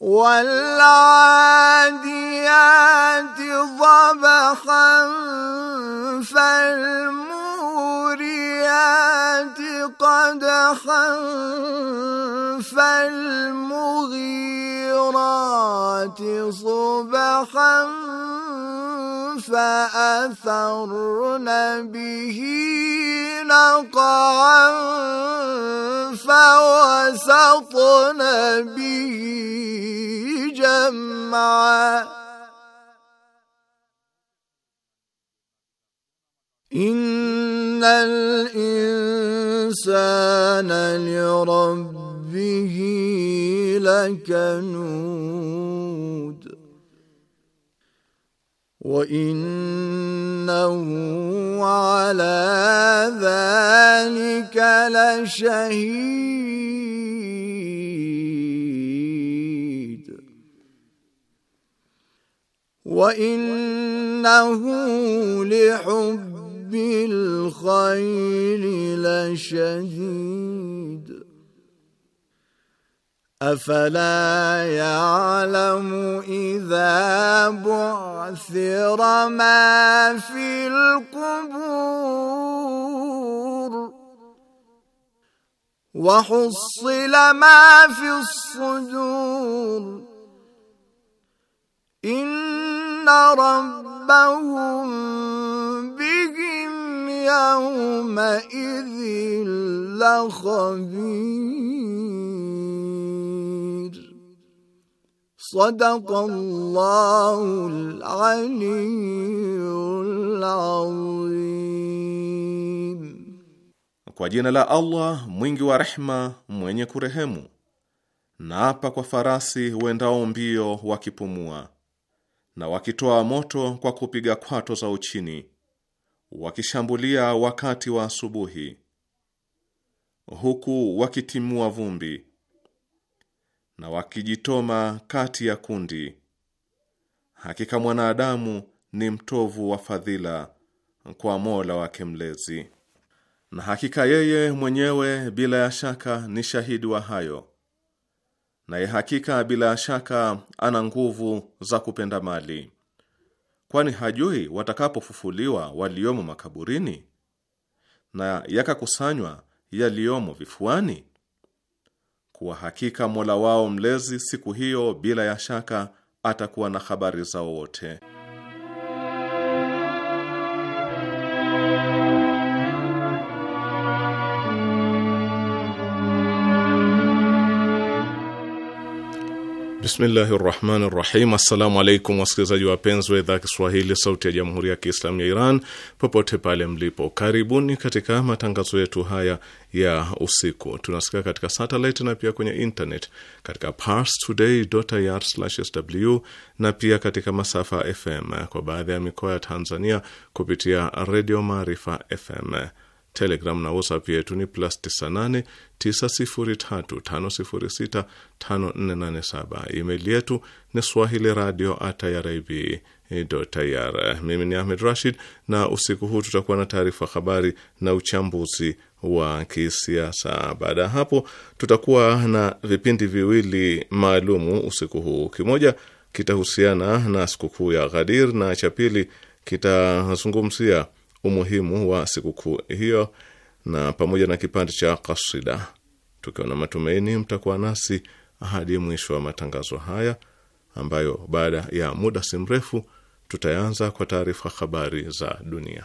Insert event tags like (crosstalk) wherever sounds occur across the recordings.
والعاديات ضبخا فالموريات قدحا فالمغيرات صبحا فأثرن به نقعا فوسطن به جمعا إن الإنسان لربه لكنون وانه على ذلك لشهيد وانه لحب الخير لشديد أفلا يعلم إذا بعثر ما في القبور وحصل ما في الصدور إن ربهم بهم يومئذ لخبير صدق الله العلي العظيم Kwa jina la Allah mwingi wa rehma mwenye kurehemu. Naapa kwa farasi wendao mbio wakipumua na wakitoa moto kwa kupiga kwato za uchini, wakishambulia wakati wa asubuhi, huku wakitimua vumbi na wakijitoma kati ya kundi. Hakika mwanadamu ni mtovu wa fadhila kwa Mola wake Mlezi, na hakika yeye mwenyewe bila ya shaka ni shahidi wa hayo, naye hakika bila ya shaka ana nguvu za kupenda mali, kwani hajui watakapofufuliwa waliomo makaburini na yakakusanywa yaliyomo vifuani kuwa hakika Mola wao mlezi siku hiyo bila ya shaka atakuwa na habari zao wote. Bismillahi rahmani rahim. Assalamu alaikum wasikilizaji wapenzi wa idhaa Kiswahili sauti ya jamhuri ya Kiislamu ya Iran popote pale mlipo, karibuni katika matangazo yetu haya ya usiku. Tunasikia katika satelit na pia kwenye internet katika parstoday.ir/sw na pia katika masafa FM kwa baadhi ya mikoa ya Tanzania kupitia Redio Maarifa FM. Telegram na WhatsApp yetu ni plus 98 903 Email yetu ni swahili radio at Mimi ni Ahmed Rashid, na usiku huu tutakuwa na taarifa habari na uchambuzi wa kisiasa. Baada ya hapo, tutakuwa na vipindi viwili maalumu usiku huu. Kimoja kitahusiana na sikukuu ya Ghadir na cha pili kitazungumzia umuhimu wa sikukuu hiyo na pamoja na kipande cha kasida, tukiwa na matumaini mtakuwa nasi hadi mwisho wa matangazo haya ambayo baada ya muda si mrefu tutaanza kwa taarifa habari za dunia.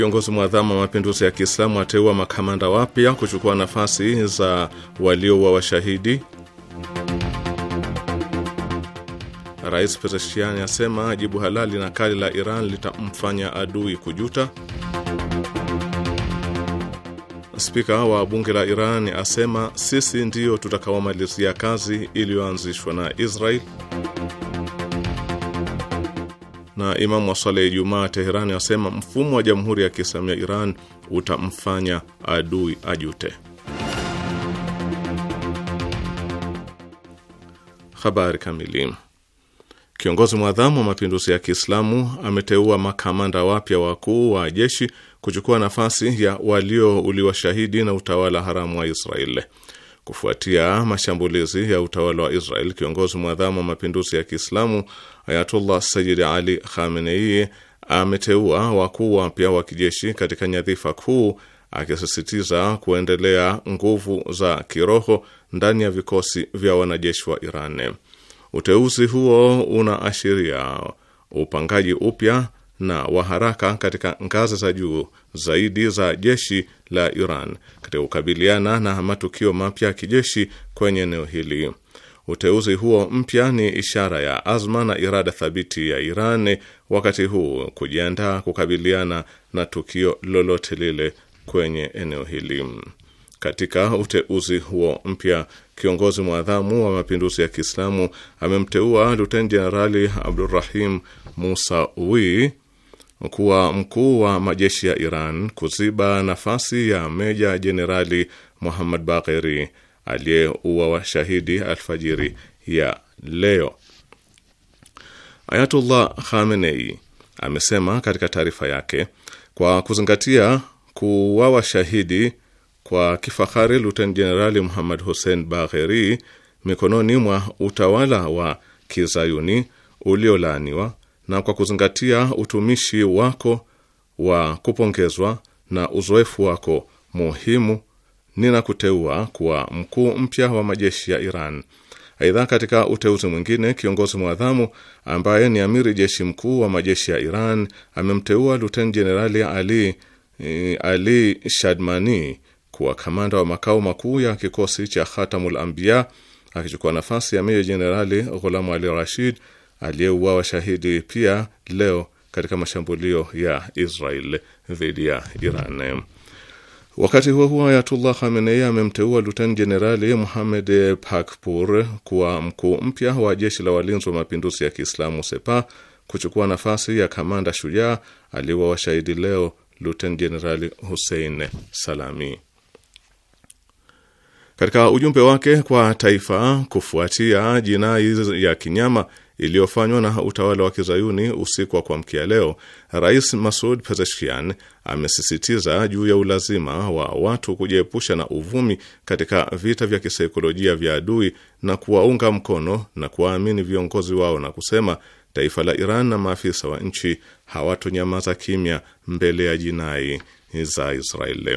Kiongozi mwadhamu wa mapinduzi ya Kiislamu ateua makamanda wapya kuchukua nafasi za waliouwa washahidi. Rais Pezeshkiani asema jibu halali na kali la Iran litamfanya adui kujuta. Spika wa bunge la Iran asema sisi ndio tutakaomalizia kazi iliyoanzishwa na Israel na imamu wa swala ya Ijumaa Teherani asema mfumo wa Jamhuri ya Kiislamu ya Iran utamfanya adui ajute. Habari kamili. Kiongozi mwadhamu wa mapinduzi ya Kiislamu ameteua makamanda wapya wakuu wa jeshi kuchukua nafasi ya waliouliwa shahidi na utawala haramu wa Israeli. Kufuatia mashambulizi ya utawala wa Israel, kiongozi mwadhamu wa mapinduzi ya Kiislamu Ayatullah Sayyid Ali Khamenei ameteua wakuu wapya wa kijeshi katika nyadhifa kuu, akisisitiza kuendelea nguvu za kiroho ndani ya vikosi vya wanajeshi wa Iran. Uteuzi huo unaashiria upangaji upya na wa haraka katika ngazi za juu zaidi za jeshi la Iran katika kukabiliana na matukio mapya ya kijeshi kwenye eneo hili. Uteuzi huo mpya ni ishara ya azma na irada thabiti ya Iran wakati huu kujiandaa kukabiliana na tukio lolote lile kwenye eneo hili. Katika uteuzi huo mpya, kiongozi mwadhamu wa mapinduzi ya Kiislamu amemteua Luten Jenerali Abdurrahim Musawi kuwa mkuu wa majeshi ya Iran kuziba nafasi ya meja jenerali Muhammad Bagheri aliyeuwa washahidi alfajiri ya leo. Ayatullah Khamenei amesema katika taarifa yake, kwa kuzingatia kuwa washahidi kwa kifahari luten jenerali Muhammad Hussein Bagheri mikononi mwa utawala wa kizayuni uliolaaniwa na kwa kuzingatia utumishi wako wa kupongezwa na uzoefu wako muhimu, ninakuteua kuwa mkuu mpya wa majeshi ya Iran. Aidha, katika uteuzi mwingine, kiongozi mwadhamu ambaye ni amiri jeshi mkuu wa majeshi ya Iran amemteua Luten Jenerali Ali, eh, Ali Shadmani kuwa kamanda wa makao makuu ya kikosi cha Khatamul ambia akichukua nafasi ya meja jenerali Ghulamu Ali Rashid aliyeuawa shahidi pia leo katika mashambulio ya Israel dhidi ya Iran. Wakati huo huo, Ayatullah Khamenei amemteua luteni jenerali Muhamed Pakpur kuwa mkuu mpya wa jeshi la walinzi wa mapinduzi ya Kiislamu Sepa, kuchukua nafasi ya kamanda shujaa aliyeuawa shahidi leo luteni jenerali Hussein Salami. Katika ujumbe wake kwa taifa kufuatia jinai ya kinyama iliyofanywa na utawala wa kizayuni usiku wa kuamkia leo, Rais Masud Pezeshkian amesisitiza juu ya ulazima wa watu kujiepusha na uvumi katika vita vya kisaikolojia vya adui na kuwaunga mkono na kuwaamini viongozi wao na kusema taifa la Iran na maafisa wa nchi hawatonyamaza kimya mbele ya jinai za Israeli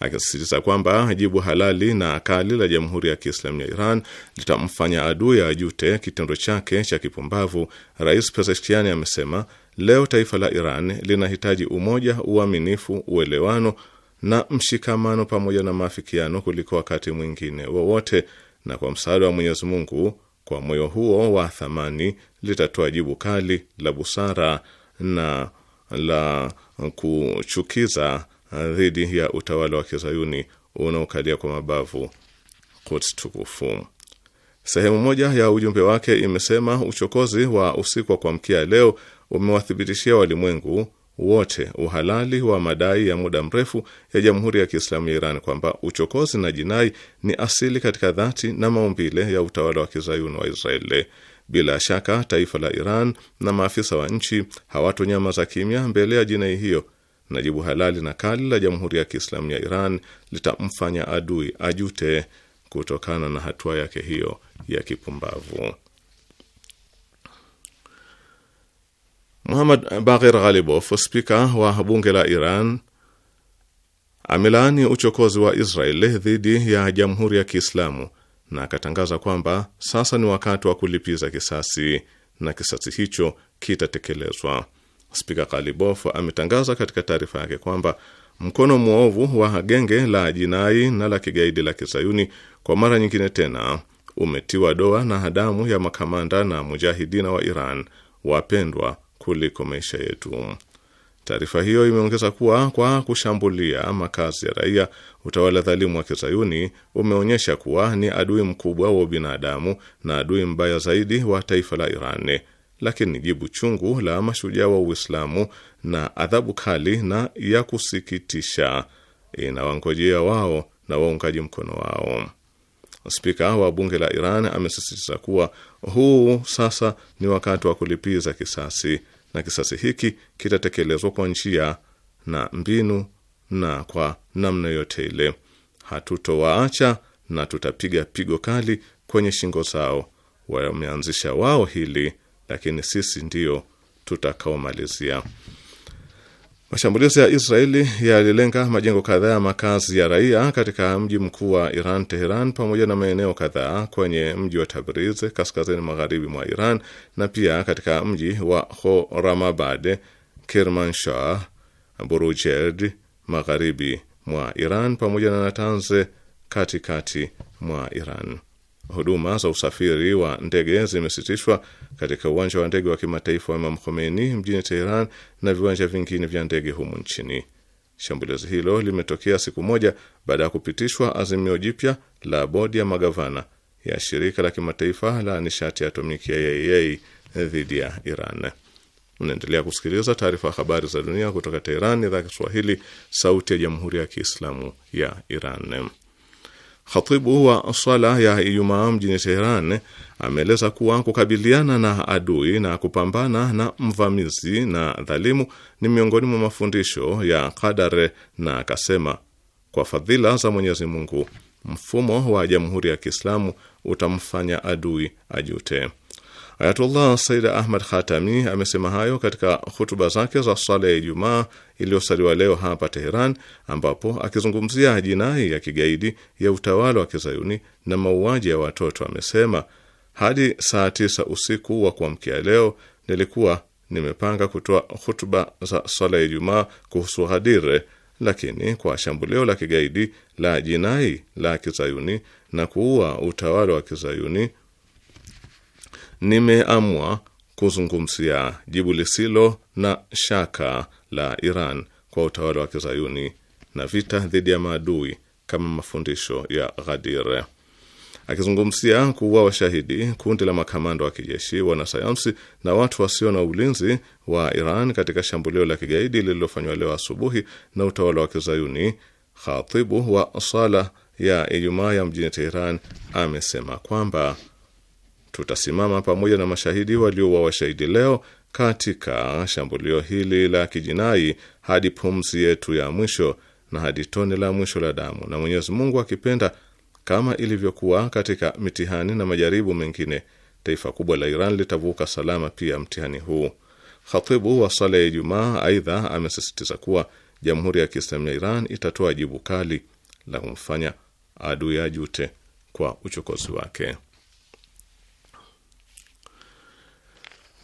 akisisitiza kwamba jibu halali na kali la Jamhuri ya Kiislamu ya Iran litamfanya adui ya ajute kitendo chake cha kipumbavu. Rais Pezeshkiani amesema leo taifa la Iran linahitaji umoja, uaminifu, uelewano na mshikamano pamoja na maafikiano kuliko wakati mwingine wowote, na kwa msaada wa Mwenyezi Mungu, kwa moyo huo wa thamani litatoa jibu kali la busara na la kuchukiza Uh, dhidi ya utawala wa kizayuni unaokalia kwa mabavu Quds tukufu. Sehemu moja ya ujumbe wake imesema uchokozi wa usiku wa kuamkia leo umewathibitishia walimwengu wote uhalali wa madai ya muda mrefu ya Jamhuri ya Kiislamu ya Iran kwamba uchokozi na jinai ni asili katika dhati na maumbile ya utawala wa kizayuni wa Israeli. Bila shaka taifa la Iran na maafisa wa nchi hawatonyamaza kimya mbele ya jinai hiyo na jibu halali na kali la Jamhuri ya Kiislamu ya Iran litamfanya adui ajute kutokana na hatua yake hiyo ya kipumbavu. Muhammad Baghir Ghalibof, spika wa bunge la Iran, amelaani uchokozi wa israel dhidi ya Jamhuri ya Kiislamu na akatangaza kwamba sasa ni wakati wa kulipiza kisasi na kisasi hicho kitatekelezwa. Spika Kalibof ametangaza katika taarifa yake kwamba mkono mwovu wa genge la jinai na la kigaidi la kizayuni kwa mara nyingine tena umetiwa doa na damu ya makamanda na mujahidina wa Iran wapendwa kuliko maisha yetu. Taarifa hiyo imeongeza kuwa kwa kushambulia makazi ya raia, utawala dhalimu wa kizayuni umeonyesha kuwa ni adui mkubwa wa ubinadamu na adui mbaya zaidi wa taifa la Iran lakini ni jibu chungu la mashujaa wa Uislamu na adhabu kali na ya kusikitisha inawangojea wao na waungaji mkono wao. Spika wa bunge la Iran amesisitiza kuwa huu sasa ni wakati wa kulipiza kisasi na kisasi hiki kitatekelezwa kwa njia na mbinu na kwa namna yote ile. Hatutowaacha na tutapiga pigo kali kwenye shingo zao. Wameanzisha wao hili lakini sisi ndio tutakaomalizia. Mashambulizi ya Israeli yalilenga majengo kadhaa ya makazi ya raia katika mji mkuu wa Iran, Teheran, pamoja na maeneo kadhaa kwenye mji wa Tabriz kaskazini magharibi mwa Iran na pia katika mji wa horamabad Kermanshah, Burujerd magharibi mwa Iran pamoja na Natanz katikati mwa Iran. Huduma za usafiri wa ndege zimesitishwa katika uwanja wa ndege wa kimataifa wa Imam Khomeini mjini Teheran na viwanja vingine vya ndege humu nchini. Shambulizi hilo limetokea siku moja baada ya kupitishwa azimio jipya la bodi ya magavana ya shirika la kimataifa la nishati ya atomiki ya IAEA dhidi ya Iran. Unaendelea kusikiliza taarifa ya habari za dunia kutoka Teheran, idhaa ya Kiswahili, sauti ya jamhuri ya kiislamu ya Iran. Khatibu wa swala ya Ijumaa mjini Teheran ameeleza kuwa kukabiliana na adui na kupambana na mvamizi na dhalimu ni miongoni mwa mafundisho ya kadare na akasema kwa fadhila za Mwenyezi Mungu mfumo wa Jamhuri ya Kiislamu utamfanya adui ajute. Ayatullah Said Ahmad Khatami amesema hayo katika hutuba zake za swala ya Ijumaa iliyosaliwa leo hapa Teheran, ambapo akizungumzia jinai ya kigaidi ya utawala wa kizayuni na mauaji ya watoto amesema, hadi saa tisa usiku wa kuamkia leo nilikuwa nimepanga kutoa hutuba za swala ya Ijumaa kuhusu Ghadir, lakini kwa shambulio la kigaidi la jinai la kizayuni na kuua utawala wa kizayuni nimeamua kuzungumzia jibu lisilo na shaka la Iran kwa utawala wa kizayuni na vita dhidi ya maadui kama mafundisho ya Ghadir. Akizungumzia kuwa washahidi kundi la makamanda wa kijeshi, wanasayansi na watu wasio na ulinzi wa Iran katika shambulio la kigaidi lililofanywa leo asubuhi na utawala wa kizayuni, khatibu wa sala ya Ijumaa ya mjini Teheran amesema kwamba Tutasimama pamoja na mashahidi waliowa washahidi leo katika shambulio hili la kijinai hadi pumzi yetu ya mwisho na hadi tone la mwisho la damu, na Mwenyezi Mungu akipenda, kama ilivyokuwa katika mitihani na majaribu mengine, taifa kubwa la Iran litavuka salama pia mtihani huu. Khatibu wa sala ya Ijumaa aidha amesisitiza kuwa Jamhuri ya Kiislamu ya Iran itatoa jibu kali la kumfanya adui ajute kwa uchokozi wake.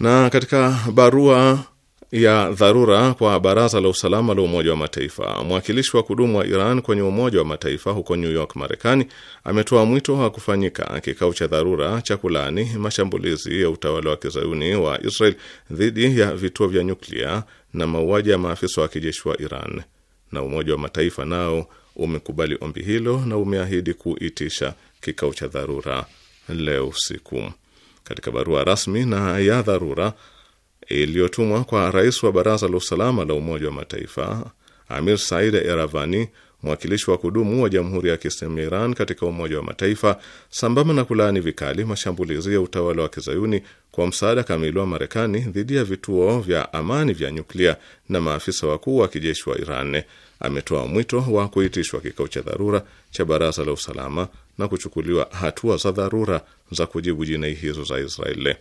Na katika barua ya dharura kwa Baraza la Usalama la Umoja wa Mataifa, mwakilishi wa kudumu wa Iran kwenye Umoja wa Mataifa huko New York, Marekani, ametoa mwito wa kufanyika kikao cha dharura cha kulaani mashambulizi ya utawala wa kizayuni wa Israel dhidi ya vituo vya nyuklia na mauaji ya maafisa wa kijeshi wa Iran. Na Umoja wa Mataifa nao umekubali ombi hilo na umeahidi kuitisha kikao cha dharura leo usiku. Katika barua rasmi na ya dharura iliyotumwa kwa rais wa Baraza la Usalama la Umoja wa Mataifa, Amir Said Eravani, mwakilishi wa kudumu wa Jamhuri ya Kiislamu ya Iran katika Umoja wa Mataifa, sambamba na kulaani vikali mashambulizi ya utawala wa kizayuni kwa msaada kamili wa Marekani dhidi ya vituo vya amani vya nyuklia na maafisa wakuu wa kijeshi wa Iran, ametoa mwito wa kuitishwa kikao cha dharura cha Baraza la Usalama na kuchukuliwa hatua za dharura za kujibu jinai hizo za Israeli.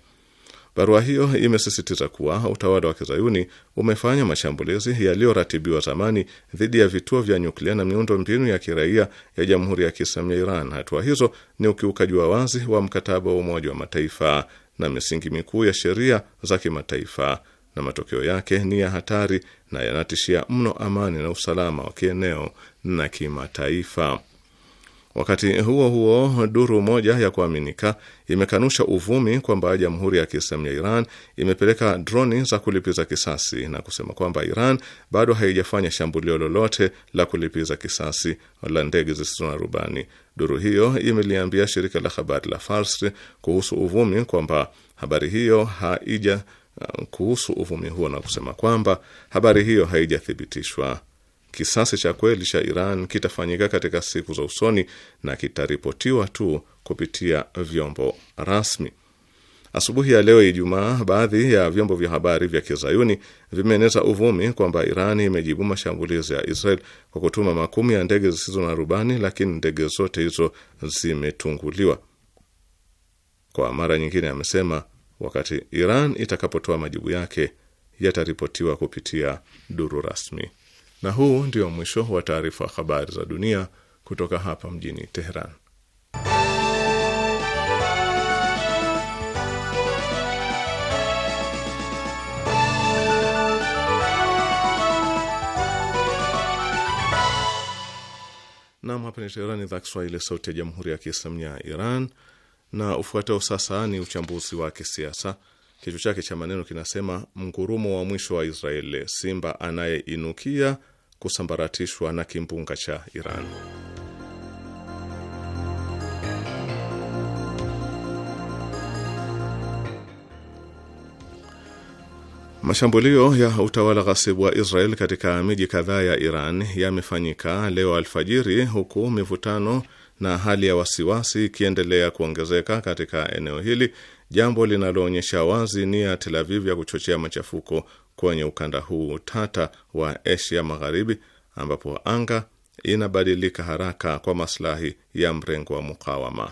Barua hiyo imesisitiza kuwa utawala wa kizayuni umefanya mashambulizi yaliyoratibiwa zamani dhidi ya vituo vya nyuklia na miundo mbinu ya kiraia ya jamhuri ya Kiislamu ya Iran. Hatua hizo ni ukiukaji wa wazi wa mkataba wa Umoja wa Mataifa na misingi mikuu ya sheria za kimataifa, na matokeo yake ni ya hatari na yanatishia mno amani na usalama wa kieneo na kimataifa. Wakati huo huo, duru moja ya kuaminika imekanusha uvumi kwamba Jamhuri ya Kiislamu ya Iran imepeleka droni za kulipiza kisasi na kusema kwamba Iran bado haijafanya shambulio lolote la kulipiza kisasi la ndege zisizo na rubani. Duru hiyo imeliambia shirika la habari la Fars kuhusu uvumi kwamba habari hiyo haija kuhusu uvumi huo na kusema kwamba habari hiyo haijathibitishwa. Kisasi cha kweli cha Iran kitafanyika katika siku za usoni na kitaripotiwa tu kupitia vyombo rasmi. Asubuhi ya leo Ijumaa, baadhi ya vyombo vya habari vya kizayuni vimeeneza uvumi kwamba Iran imejibu mashambulizi ya Israel kwa kutuma makumi ya ndege zisizo na rubani, lakini ndege zote hizo zimetunguliwa. Kwa mara nyingine, amesema wakati Iran itakapotoa majibu yake yataripotiwa kupitia duru rasmi. Na huu ndio mwisho wa taarifa habari za dunia kutoka hapa mjini Teheran. Nam, hapa ni Teheran, idhaa Kiswahili, sauti ya jamhuri ya kiislamu ya Iran. Na ufuatao sasa ni uchambuzi wa kisiasa. Kichwa chake cha maneno kinasema mngurumo wa mwisho wa Israeli, simba anayeinukia kusambaratishwa na kimbunga cha Iran. Mashambulio ya utawala ghasibu wa Israel katika miji kadhaa ya Iran yamefanyika leo alfajiri, huku mivutano na hali ya wasiwasi ikiendelea kuongezeka katika eneo hili, jambo linaloonyesha wazi nia ya Tel Aviv ya kuchochea machafuko kwenye ukanda huu tata wa Asia Magharibi, ambapo anga inabadilika haraka kwa maslahi ya mrengo wa mukawama.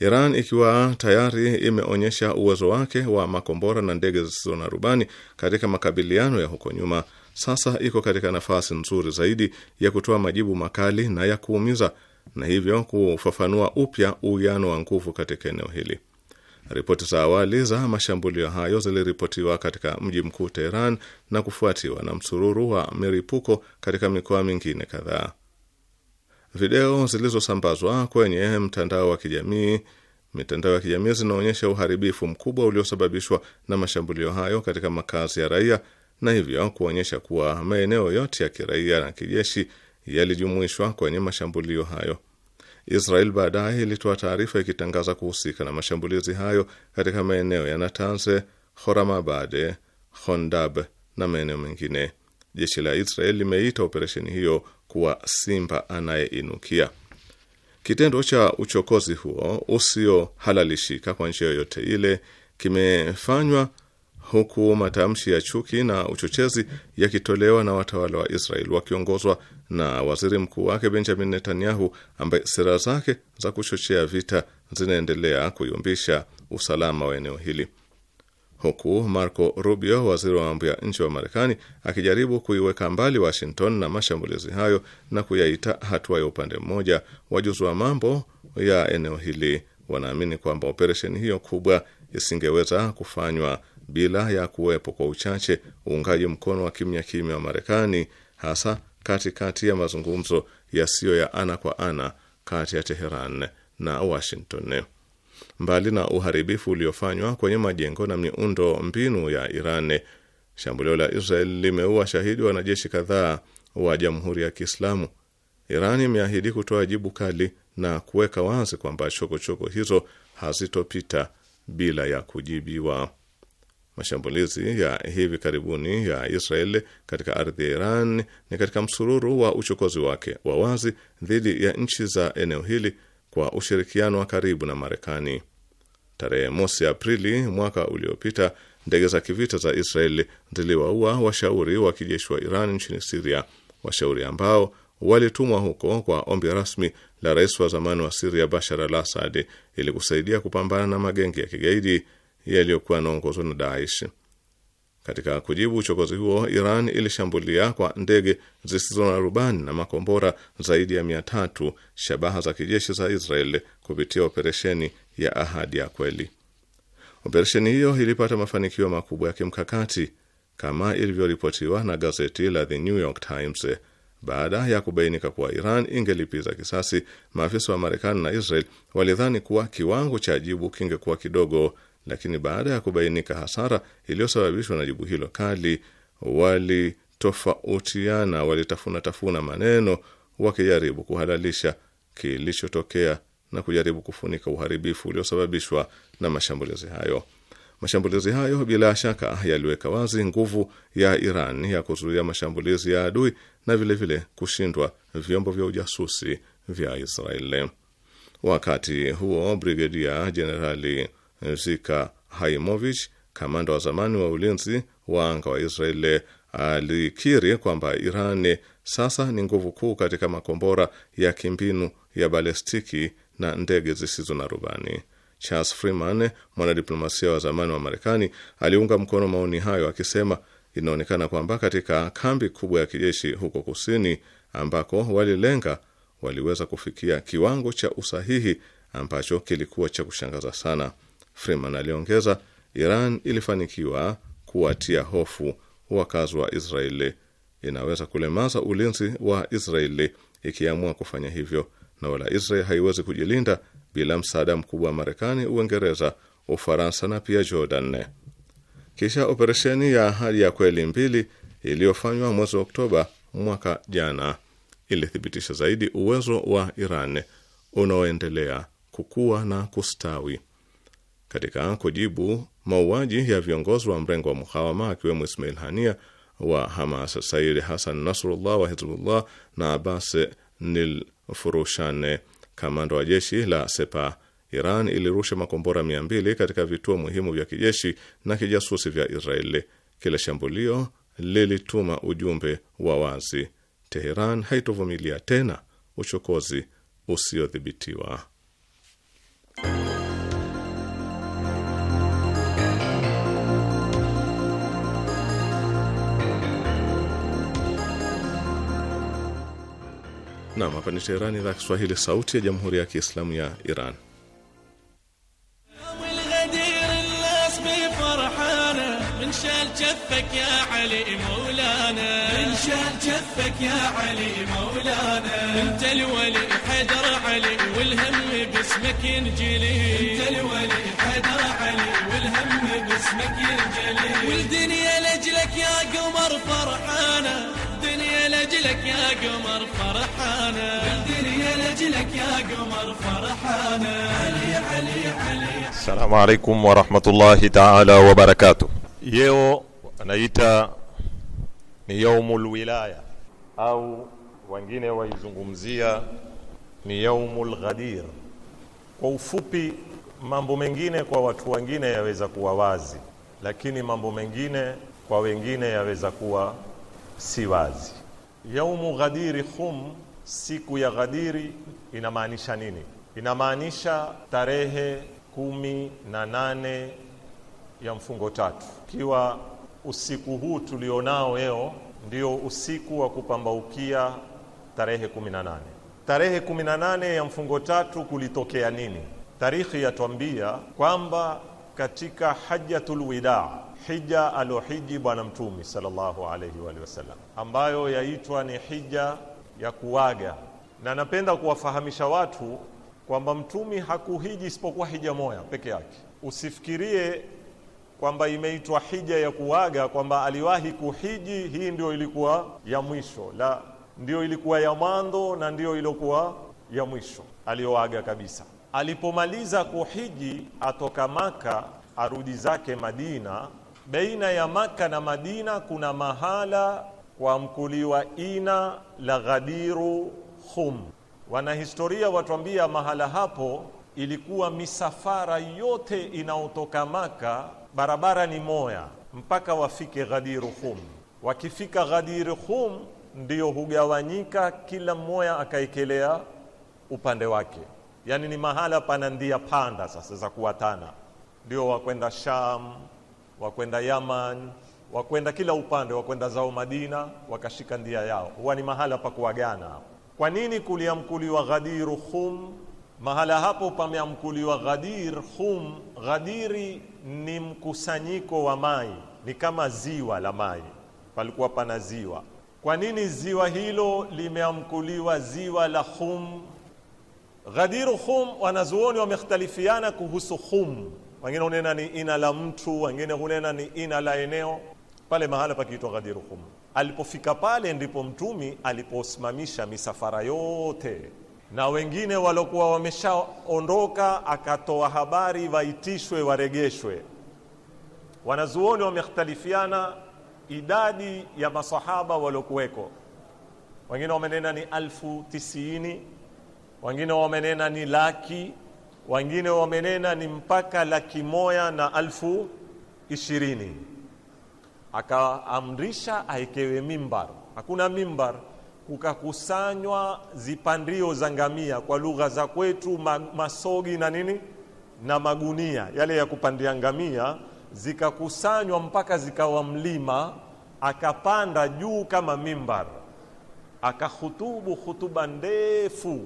Iran ikiwa tayari imeonyesha uwezo wake wa makombora na ndege zisizo na rubani katika makabiliano ya huko nyuma, sasa iko katika nafasi nzuri zaidi ya kutoa majibu makali na ya kuumiza, na hivyo kufafanua upya uwiano wa nguvu katika eneo hili. Ripoti za awali za mashambulio hayo ziliripotiwa katika mji mkuu Teheran na kufuatiwa na msururu wa miripuko katika mikoa mingine kadhaa. Video zilizosambazwa kwenye mtandao wa kijamii mitandao ya kijamii zinaonyesha uharibifu mkubwa uliosababishwa na mashambulio hayo katika makazi ya raia na hivyo kuonyesha kuwa maeneo yote ya kiraia na kijeshi yalijumuishwa kwenye mashambulio hayo. Israel baadaye ilitoa taarifa ikitangaza kuhusika na mashambulizi hayo katika maeneo ya Natanze, Horamabad, Hondab na maeneo mengine. Jeshi la Israel limeita operesheni hiyo kuwa simba anayeinukia. Kitendo cha uchokozi huo usiohalalishika kwa njia yoyote ile kimefanywa huku matamshi ya chuki na uchochezi yakitolewa na watawala wa Israel wakiongozwa na waziri mkuu wake Benjamin Netanyahu, ambaye sera zake za kuchochea vita zinaendelea kuyumbisha usalama wa eneo hili, huku Marco Rubio, waziri wa mambo ya nje wa Marekani, akijaribu kuiweka mbali Washington na mashambulizi hayo na kuyaita hatua ya upande mmoja. Wajuzi wa mambo ya eneo hili wanaamini kwamba operesheni hiyo kubwa isingeweza kufanywa bila ya kuwepo kwa uchache uungaji mkono wa kimya kimya wa Marekani, hasa katikati kati ya mazungumzo yasiyo ya ana kwa ana kati ya Teheran na Washington. Mbali na uharibifu uliofanywa kwenye majengo na miundo mbinu ya Iran, shambulio la Israel limeua shahidi wanajeshi kadhaa wa Jamhuri ya Kiislamu. Iran imeahidi kutoa jibu kali na kuweka wazi kwamba chokochoko hizo hazitopita bila ya kujibiwa. Mashambulizi ya hivi karibuni ya Israel katika ardhi ya Iran ni katika msururu wa uchokozi wake wa wazi dhidi ya nchi za eneo hili kwa ushirikiano wa karibu na Marekani. Tarehe mosi Aprili mwaka uliopita, ndege za kivita za Israel ziliwaua washauri wa kijeshi wa Iran nchini Siria, washauri ambao walitumwa huko kwa ombi rasmi la rais wa zamani wa Siria Bashar al Assad ili kusaidia kupambana na magenge ya kigaidi yaliyokuwa yanaongozwa na Daesh. Katika kujibu uchokozi huo, Iran ilishambulia kwa ndege zisizo na rubani na makombora zaidi ya mia tatu shabaha za kijeshi za Israel kupitia operesheni ya Ahadi ya Kweli. Operesheni hiyo ilipata mafanikio makubwa ya kimkakati kama ilivyoripotiwa na gazeti la The New York Times baada ya kubainika kuwa Iran ingelipiza kisasi. Maafisa wa Marekani na Israel walidhani kuwa kiwango cha jibu kingekuwa kidogo lakini baada ya kubainika hasara iliyosababishwa na jibu hilo kali, walitofautiana, walitafunatafuna maneno wakijaribu kuhalalisha kilichotokea na kujaribu kufunika uharibifu uliosababishwa na mashambulizi hayo. Mashambulizi hayo bila shaka yaliweka wazi nguvu ya Iran ya kuzuia mashambulizi ya adui na vilevile vile kushindwa vyombo vya ujasusi vya Israeli. Wakati huo Brigedia Jenerali Zika Haimovich, kamanda wa zamani wa ulinzi wa anga wa Israeli, alikiri kwamba Iran sasa ni nguvu kuu katika makombora ya kimbinu ya balestiki na ndege zisizo na rubani. Charles Freeman, mwanadiplomasia wa zamani wa Marekani, aliunga mkono maoni hayo akisema, inaonekana kwamba katika kambi kubwa ya kijeshi huko kusini ambako walilenga waliweza kufikia kiwango cha usahihi ambacho kilikuwa cha kushangaza sana. Freeman aliongeza, Iran ilifanikiwa kuwatia hofu wakazi wa Israeli. Inaweza kulemaza ulinzi wa Israeli ikiamua kufanya hivyo, na wala Israeli haiwezi kujilinda bila msaada mkubwa wa Marekani, Uingereza, Ufaransa na pia Jordan. Kisha operesheni ya Ahadi ya Kweli mbili iliyofanywa mwezi wa Oktoba mwaka jana ilithibitisha zaidi uwezo wa Iran unaoendelea kukua na kustawi katika kujibu mauaji ya viongozi wa mrengo wa mukawama akiwemo Ismail Hania wa Hamas, Said Hasan Nasrullah wa Hizbullah na Abbas Nilfurushane, kamanda wa jeshi la Sepa. Iran ilirusha makombora mbili katika vituo muhimu vya kijeshi na kijasusi vya Israeli. Kila shambulio lilituma ujumbe wa wazi: Teheran haitovumilia tena uchokozi usiodhibitiwa. Nam, hapa ni Teherani, idhaa Kiswahili, sauti ya jamhuri ya kiislamu ya Iran. والدنيا لاجلك يا قمر فرحانه لاجلك يا قمر فرحانا بالدنيا لاجلك يا قمر فرحانا علي علي علي السلام عليكم ورحمة الله تعالى وبركاته يو نيتا ni yaumul wilaya au wengine waizungumzia ni yaumul ghadir. Kwa ufupi, mambo mengine kwa watu wengine yaweza kuwa wazi, lakini mambo mengine kwa wengine yaweza kuwa si wazi. Yaumu Ghadiri Khum, siku ya Ghadiri inamaanisha nini? Inamaanisha tarehe kumi na nane ya mfungo tatu, ikiwa usiku huu tulionao leo ndio usiku wa kupambaukia tarehe kumi na nane. Tarehe kumi na nane ya mfungo tatu kulitokea nini? Tarikhi yatwambia kwamba katika Hajjatul Wida, hija alohiji Bwana Mtume sallallahu alayhi wa sallam ambayo yaitwa ni hija ya kuaga, na napenda kuwafahamisha watu kwamba mtumi hakuhiji isipokuwa hija moja peke yake. Usifikirie kwamba imeitwa hija ya kuaga kwamba aliwahi kuhiji, hii ndio ilikuwa ya mwisho, la ndio ilikuwa ya mwanzo na ndio iliokuwa ya mwisho aliyoaga kabisa. Alipomaliza kuhiji atoka Maka arudi zake Madina. Baina ya Maka na Madina kuna mahala kuamkuliwa Ina la Ghadiru Khum. Wanahistoria watuambia mahala hapo ilikuwa misafara yote inaotoka Maka, barabara ni moya mpaka wafike Ghadiru Khum. Wakifika Ghadiru Khum ndio hugawanyika, kila mmoja akaekelea upande wake, yaani ni mahala pana ndia panda sasa za kuwatana, ndio wakwenda Sham, wakwenda Yaman wakwenda kila upande, wakwenda zao Madina, wakashika ndia yao. Huwa ni mahala pa kuagana Kwa nini kuliamkuliwa Ghadiru Khum? Mahala hapo pameamkuliwa Ghadir Khum. Ghadiri ni mkusanyiko wa mai, ni kama ziwa la mai, palikuwa pana ziwa. Kwa nini ziwa hilo limeamkuliwa ziwa la Khum? Ghadiru Khum, wanazuoni wamekhtalifiana kuhusu Khum, wengine hunena ni ina la mtu, wengine hunena ni ina la eneo pale mahala pakiitwa Ghadirhum. Alipofika pale ndipo mtumi aliposimamisha misafara yote, na wengine waliokuwa wameshaondoka akatoa habari waitishwe, waregeshwe. Wanazuoni wamekhtalifiana idadi ya masahaba waliokuweko, wengine wamenena ni alfu tisini, wengine wamenena ni laki, wengine wamenena ni mpaka laki moja na alfu ishirini akaamrisha aekewe mimbar. Hakuna mimbar, kukakusanywa zipandio za ngamia, kwa lugha za kwetu masogi na nini na magunia yale ya kupandia ngamia, zikakusanywa mpaka zikawa mlima, akapanda juu kama mimbar, akahutubu hutuba ndefu.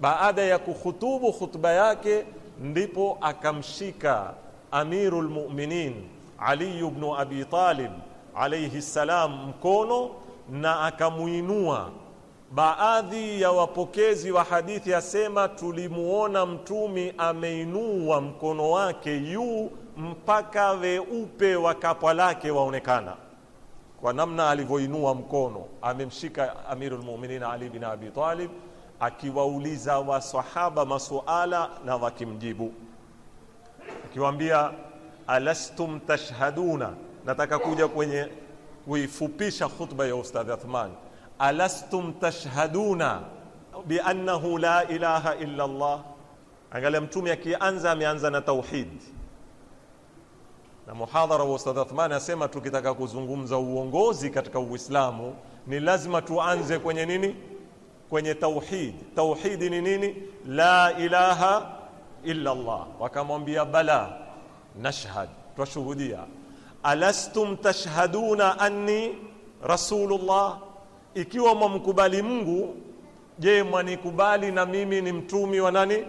Baada ya kuhutubu hutuba yake, ndipo akamshika Amirul Mu'minin ali ibn Abi Talib alayhi salam mkono na akamuinua. Baadhi ya wapokezi wa hadithi asema tulimuona mtumi ameinua mkono wake juu mpaka weupe wa kapwa lake waonekana, kwa namna alivyoinua mkono, amemshika Amirul Mu'minin Ali bin Abi Talib akiwauliza wasahaba masuala na wakimjibu, akiwaambia alastum tashhaduna. Nataka kuja kwenye kuifupisha khutba ya Ustadh Athman. Alastum tashhaduna bi annahu la ilaha illa Allah. Angalia mtume akianza, ameanza na tauhid, na muhadhara wa Ustadh Athman asema tukitaka kuzungumza uongozi katika Uislamu ni lazima tuanze kwenye nini? Kwenye tauhid. Tauhidi ni nini? La ilaha illa Allah. Wakamwambia bala nashhad, twashuhudia. Alastum tashhaduna anni rasulullah, ikiwa mwamkubali Mungu, je, mwanikubali na mimi ni mtumi wa nani?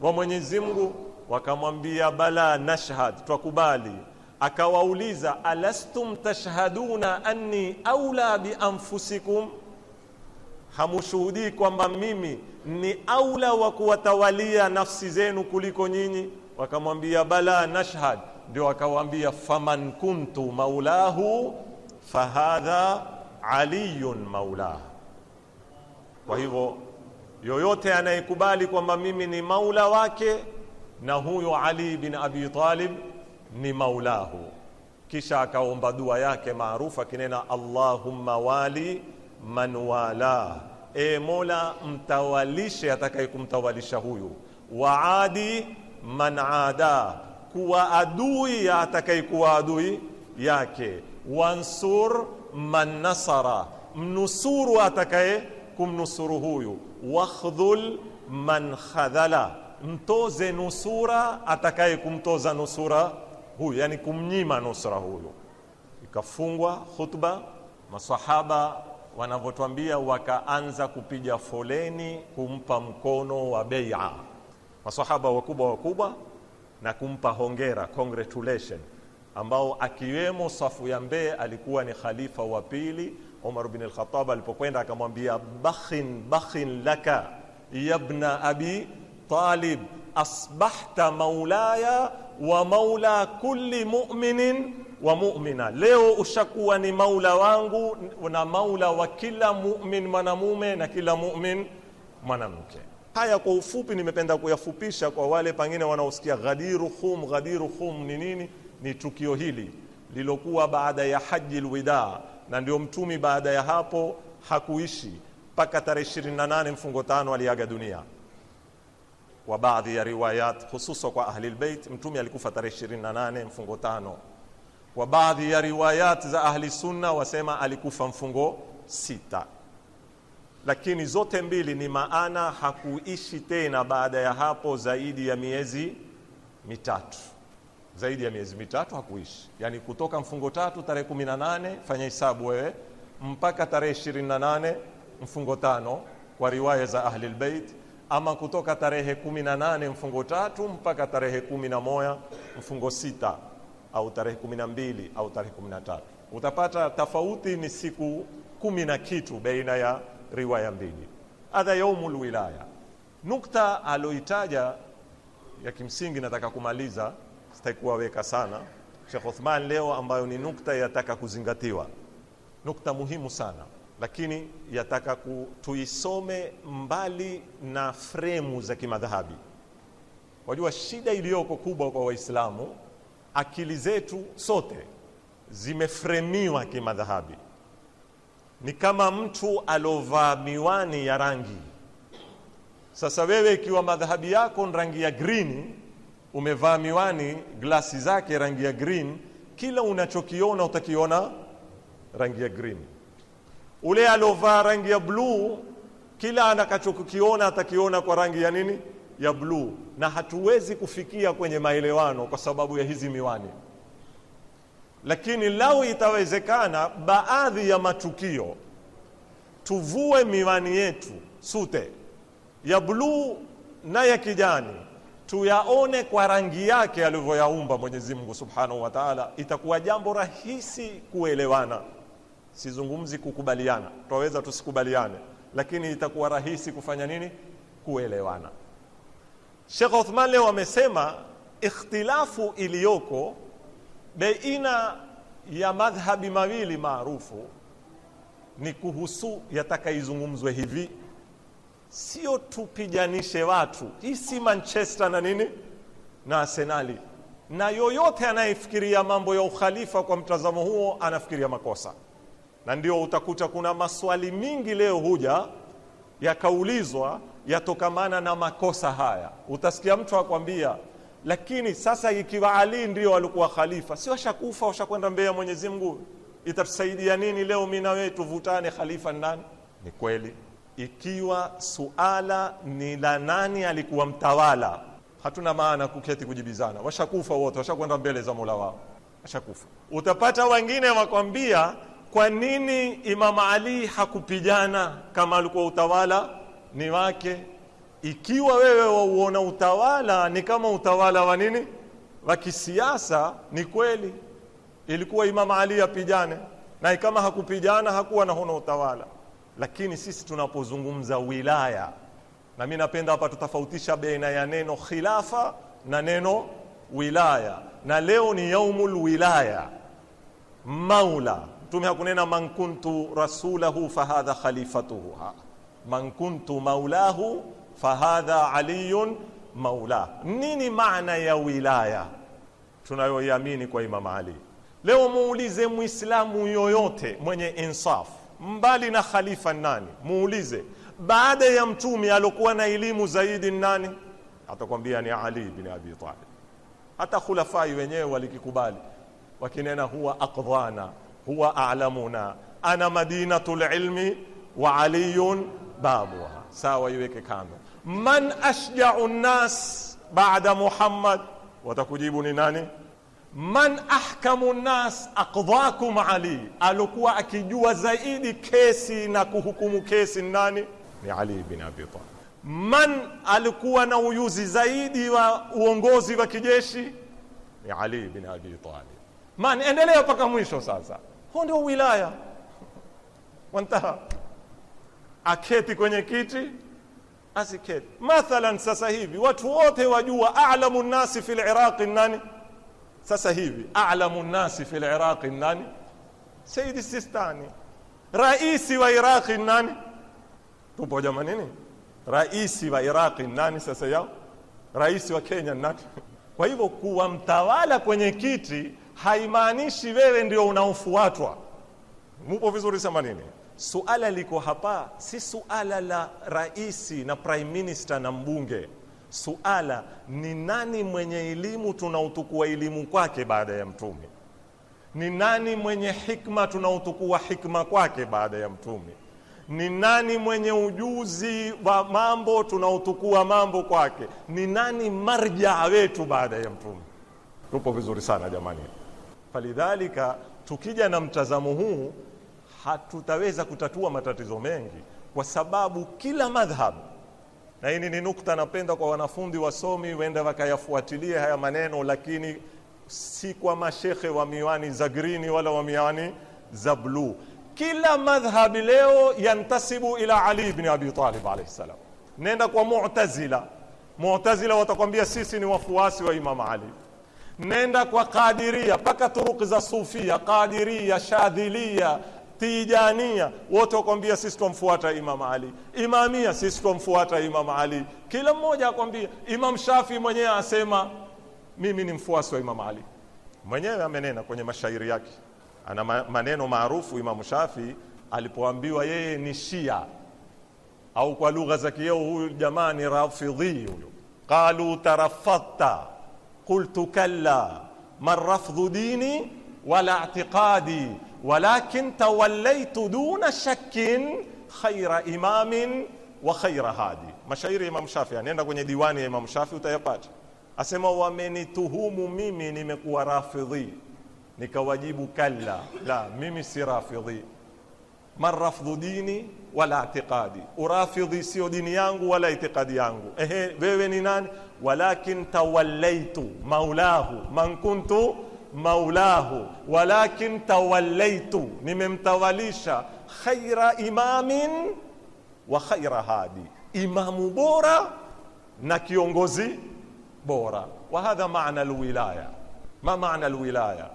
Wa Mwenyezi Mungu. Wakamwambia bala nashhad, twakubali. Akawauliza, alastum tashhaduna anni aula bi anfusikum hamushuhudii kwamba mimi ni aula wa kuwatawalia nafsi zenu kuliko nyinyi? wakamwambia bala nashhad, ndio akawaambia faman kuntu maulahu fahadha aliyun maulahu. Kwa hivyo yoyote anayekubali kwamba mimi ni maula wake na huyo Ali bin Abi Talib ni maulahu. Kisha akaomba dua yake maarufu akinena, Allahumma wali man wala, e Mola, mtawalishe atakaye kumtawalisha huyu, waadi man ada, kuwa adui ya atakayekuwa adui yake, wansur man nasara, mnusuru atakaye kumnusuru huyu, wakhdhul man khadhala, mtoze nusura atakaye kumtoza nusura huyu, yani kumnyima nusura huyu. Ikafungwa khutba, masahaba wanavyotwambia, wakaanza kupiga foleni kumpa mkono wa bai'a masahaba wakubwa wakubwa na kumpa hongera congratulation, ambao akiwemo safu ya mbee alikuwa ni khalifa wa pili Umar bin al-Khattab alipokwenda akamwambia, bakhin bakhin laka yabna abi Talib asbahta maulaya wa maula kulli mu'minin wa mu'mina, leo ushakuwa ni maula wangu na maula wa kila mu'min mwanamume na kila mu'min mwanamke. Haya kwa ufupi nimependa kuyafupisha kwa wale pangine wanaosikia Ghadiru Khum. Ghadiru Khum ni nini? Ni tukio hili lilokuwa baada ya haji alwida, na ndio mtumi baada ya hapo hakuishi mpaka tarehe 28 mfungo tano aliaga dunia. Kwa baadhi ya riwayat hususan kwa ahli albayt, mtumi alikufa tarehe 28 mfungo tano. Kwa baadhi ya riwayat za ahli sunna wasema alikufa mfungo sita lakini zote mbili ni maana hakuishi tena baada ya hapo zaidi ya miezi mitatu, zaidi ya miezi mitatu hakuishi. Yani kutoka mfungo tatu tarehe 18 fanya hesabu wewe mpaka tarehe 28 mfungo tano kwa riwaya za Ahli Albayt, ama kutoka tarehe 18 mfungo tatu mpaka tarehe 11 mfungo sita au tarehe 12 au tarehe 13, utapata tofauti ni siku kumi na kitu baina ya riwaya mbili, adha yaumul wilaya. Nukta aloitaja ya kimsingi nataka kumaliza, kuwaweka sana Sheikh Uthman leo, ambayo ni nukta yataka kuzingatiwa, nukta muhimu sana lakini yataka tuisome mbali na fremu za kimadhahabi. Wajua shida iliyoko kubwa kwa Waislamu, akili zetu sote zimefremiwa kimadhahabi ni kama mtu alovaa miwani ya rangi. Sasa wewe ikiwa madhahabi yako ni rangi ya green, umevaa miwani, glasi zake rangi ya green, kila unachokiona utakiona rangi ya green. Ule alovaa rangi ya bluu, kila anakachokiona atakiona kwa rangi ya nini? Ya bluu, na hatuwezi kufikia kwenye maelewano kwa sababu ya hizi miwani. Lakini lau itawezekana, baadhi ya matukio tuvue miwani yetu sute ya bluu na ya kijani, tuyaone kwa rangi yake alivyoyaumba Mwenyezi Mungu Subhanahu wa Ta'ala, itakuwa jambo rahisi kuelewana. Sizungumzi kukubaliana, twaweza tusikubaliane, lakini itakuwa rahisi kufanya nini? Kuelewana. Sheikh Uthman leo amesema ikhtilafu iliyoko Baina ya madhhabi mawili maarufu ni kuhusu yatakaizungumzwe hivi, sio tupijanishe watu. Hii si Manchester na nini na Arsenali, na yoyote anayefikiria mambo ya ukhalifa kwa mtazamo huo anafikiria makosa, na ndio utakuta kuna maswali mingi leo huja yakaulizwa yatokamana na makosa haya. Utasikia mtu akwambia lakini sasa ikiwa Ali ndio alikuwa khalifa, si washakufa washakwenda mbele ya Mwenyezi Mungu, itatusaidia nini leo mimi na wewe tuvutane khalifa nani? Ni kweli ikiwa suala ni la nani alikuwa mtawala, hatuna maana kuketi kujibizana, washakufa wote, washakwenda mbele za Mola wao, washakufa. Utapata wengine wakwambia, kwa nini Imam Ali hakupigana kama alikuwa utawala ni wake? ikiwa wewe wauona utawala ni kama utawala wa nini wa kisiasa, ni kweli ilikuwa Imam Ali apijane na kama hakupijana hakuwa naona utawala, lakini sisi tunapozungumza wilaya, na mimi napenda hapa tutafautisha baina ya neno khilafa na neno wilaya, na leo ni yaumul wilaya. Maula Mtume hakunena man kuntu rasulahu fahadha khalifatuhu, man kuntu maulahu fahadha aliyun maula. Nini maana ya wilaya tunayoiamini kwa Imam Ali? Leo muulize Muislamu yoyote mwenye insaf, mbali na khalifa nani, muulize baada ya mtume alokuwa na elimu zaidi nani, atakwambia ni Ali bin Abi Talib. Hata khulafai wenyewe walikikubali wakinena, huwa aqdhana huwa a'lamuna ana madinatul ilmi wa aliyun babuha. Sawa, iweke kando man ashjau nnas bada Muhammad, watakujibu ni nani? Man ahkamu nnas aqdhakum Ali, alikuwa akijua zaidi kesi na kuhukumu kesi nani? Ni Ali bin Abi Talib. Man alikuwa na uyuzi zaidi wa uongozi wa kijeshi? Ni Ali bin Abi Talib. Man, endelea mpaka mwisho. Sasa huo ndio wilaya (laughs) wantaha, aketi kwenye kiti asiketi mathalan sasa hivi watu wote wajua a'lamu nasi fil iraq nani sasa hivi a'lamu nasi fil iraq nani Said Sistani raisi wa Iraq nani tupo jamani raisi wa Iraq nani sasa yao raisi wa Kenya nani (laughs) kwa hivyo kuwa mtawala kwenye kiti haimaanishi wewe ndio unaofuatwa mupo vizuri samanini Suala liko hapa, si suala la raisi na prime minister na mbunge. Suala ni nani mwenye elimu tunautukua elimu kwake baada ya mtume? Ni nani mwenye hikma tunautukua hikma kwake baada ya mtume? Ni nani mwenye ujuzi wa mambo tunautukua mambo kwake? Ni nani marjaa wetu baada ya mtume? Tupo vizuri sana jamani. Falidhalika, tukija na mtazamo huu hatutaweza kutatua matatizo mengi, kwa sababu kila madhhab na hii ni nukta napenda kwa wanafunzi wasomi waenda wakayafuatilie haya maneno, lakini si kwa mashekhe wa miwani za grini wala wa miwani za bluu. Kila madhhabi leo yantasibu ila Ali ibn Abi Talib alayhi salam. Nenda kwa Mu'tazila, Mu'tazila watakwambia sisi ni wafuasi wa Imam Ali. Nenda kwa Qadiria, mpaka turuki za Sufia, Qadiria, Shadhilia, Tijania wote wakwambia sisi tumfuata Imam Ali, Imamia sisi tumfuata Imam Ali, kila mmoja akwambia. Imam Shafi mwenyewe asema mimi ni mfuasi wa Imam Ali, mwenyewe amenena kwenye mashairi yake. Ana maneno maarufu Imam Shafi alipoambiwa yeye ni Shia au kwa lugha za kieo, huyu jamaa ni rafidhi huyo. Qalu tarafatta qultu kalla marrafdhu rafdhu dini wala i'tiqadi walakin tawallaitu duna shakkin khaira imamin wa khaira hadi. Mashairi ya Imam Shafi, nenda kwenye diwani ya Imam Shafi utayapata. Asema wamenituhumu mimi nimekuwa rafidhi, nikawajibu kalla la, mimi si rafidhi. Man rafdhu dini wala itiqadi, urafidhi sio dini yangu wala itiqadi yangu. Ehe, wewe ni nani? Walakin tawallaitu maulahu man kuntu maulahu walakin tawallaitu, nimemtawalisha khaira imamin wa khaira hadi, imamu bora na kiongozi bora. Wa hadha maana alwilaya. Ma maana alwilaya?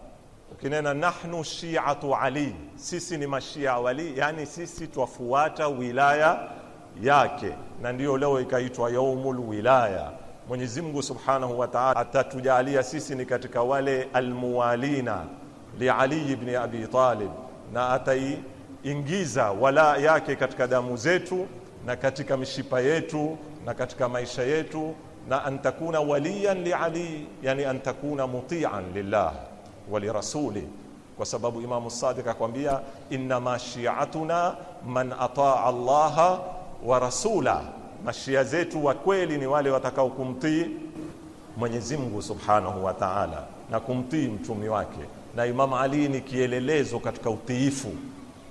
Ukinena nahnu shi'atu Ali, sisi ni mashia wali, yani sisi twafuata wilaya yake, na ndiyo leo ikaitwa yaumul wilaya Mwenyezi Mungu Subhanahu wa Ta'ala atatujalia sisi ni katika wale almuwalina li Ali ibn Abi Talib, na ataiingiza wala yake katika damu zetu na katika mishipa yetu na katika maisha yetu, na antakuna waliyan li Ali, yani antakuna mutian lillah wa lirasuli, kwa sababu Imamu Sadiq akwambia, inna ma shi'atuna man ataa Allaha wa rasulahu mashia zetu wa kweli ni wale watakao kumtii Mwenyezi Mungu Subhanahu wa Ta'ala na kumtii mtumi wake, na Imam Ali ni kielelezo katika utiifu,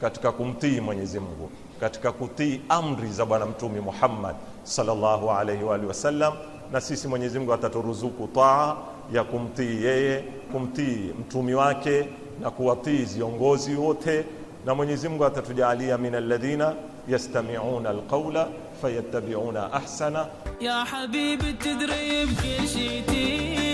katika kumtii Mwenyezi Mungu, katika kutii amri za bwana mtumi Muhammad sallallahu alayhi wa alihi wasallam. Na sisi Mwenyezi Mungu ataturuzuku taa ya kumtii yeye, kumtii mtumi wake na kuwatii viongozi wote, na Mwenyezi Mungu atatujalia min alladhina yastami'una alqawla فيتبعون أحسنه يا حبيبي تدري بكل شي تيجي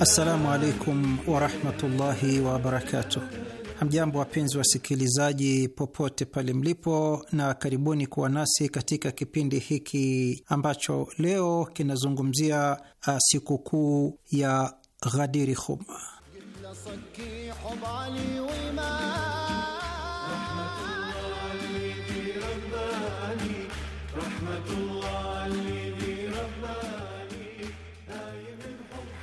Assalamu alaikum warahmatullahi wabarakatuh. Hamjambo wapenzi wasikilizaji, popote pale mlipo, na karibuni kuwa nasi katika kipindi hiki ambacho leo kinazungumzia uh, sikukuu ya ghadiri Hum.